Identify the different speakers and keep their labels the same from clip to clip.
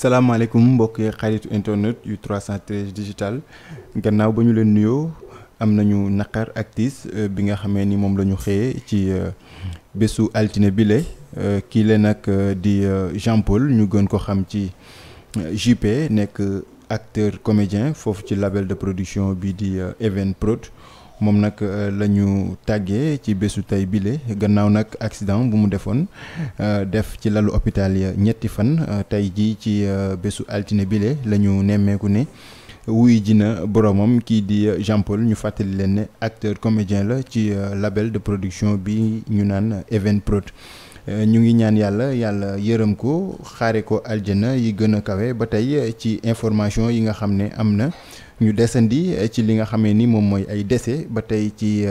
Speaker 1: salaamaaleykum mbokki xaritu internet yu trois 313 digital gannaaw ba ñu leen nuyoo am nañu naqar actrice euh, bi nga xamee ni moom la ñu xëyee ci euh, bésu altine bile euh, kii la nag di Jean Paul ñu gën ko xam ci JP nekk acteur comédien foofu ci label de production bi di Even Prod moom nag euh, la ñu tàggee ci bésu tey bile gannaaw nag accident bu mu defoon euh, def ci lalu hôpital ya ñetti fan euh, tey jii ci bésu altine bile la ñu nemmeeku ne wuy ji na boromam kii di Jean Paul ñu fàttali leen ne acteur comédien la ci label de production bi ñu naan Evenprod Euh, ñu ngi ñaan yàlla yàlla yërëm ko xaare ko aljana yi gën a kawe ba tey euh, ci information yi nga xam ne am na ñu desandi euh, ci li nga xamee ni moom mooy ay décès ba tey ci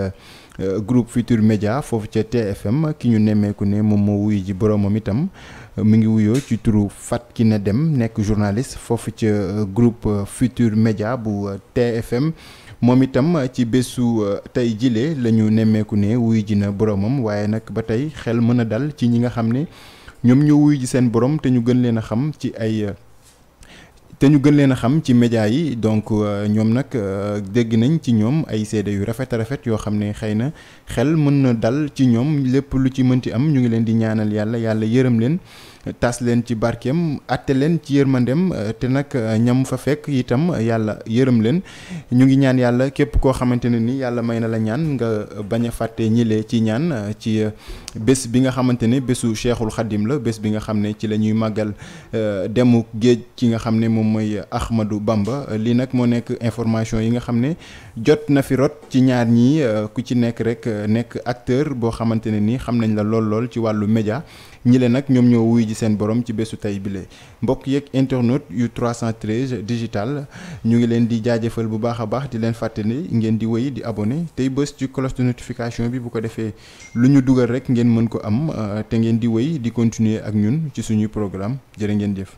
Speaker 1: groupe Futur Média foofu ca TFM ki ñu nemmeeku ne moom moo wuyu ji boromam itam mi ngi wuyoo ci turu Fat ki Kine Dem nekk journaliste foofu ca groupe Futur Média bu TFM moom itam ci bésu euh, tey jile la ñu nemmeeku ne wuy ji na boromam waaye nag ba tey xel mën a dal ci ñi nga xam ne ñoom ñoo wuy ji seen borom te ñu gën leen a xam ci ay euh, te ñu gën leen a xam ci média yi donc euh, ñoom nag dégg nañ ci ñoom ay seede yu rafet rafet yoo xam ne xëy na xel mën na dal ci ñoom lépp lu ci mënti am ñu ngi leen di ñaanal yàlla yàlla yërëm leen tas leen ci barkeem atte leen ci yërmandem euh, te nag euh, ñam fa fekk itam euh, yàlla yërëm leen ñu ngi ñaan yàlla képp koo xamante ne ni yàlla may na la ñaan nga bañ a fàtte ñilee ci ñaan ci bés bi nga xamante ne bésu cheikhul xadim la bés bi nga xam ne ci la ñuy màggal euh, demu géej ci nga xam ne moom mooy Ahmadou Bamba lii nag moo nekk information yi nga xam ne jot na fi rot ci ñaar ñi euh, ku ci nekk rek euh, nekk acteur boo xamante ne ni xam nañ la lool lool ci wàllu média ñi le nag ñoom ñoo wuy ji seen borom ci bésu tey bile mbokk yeeg internaute yu cent 313 digital ñu ngi leen di jaajëfal bu baax a baax di leen fàttali ngeen di wéy di abonné tey bés ci cloche de bi bu ko defee lu ñu dugal rek ngeen mën ko am euh, te ngeen di wéy di continuer ak ñun ci suñuy programme jërë ngeen jëf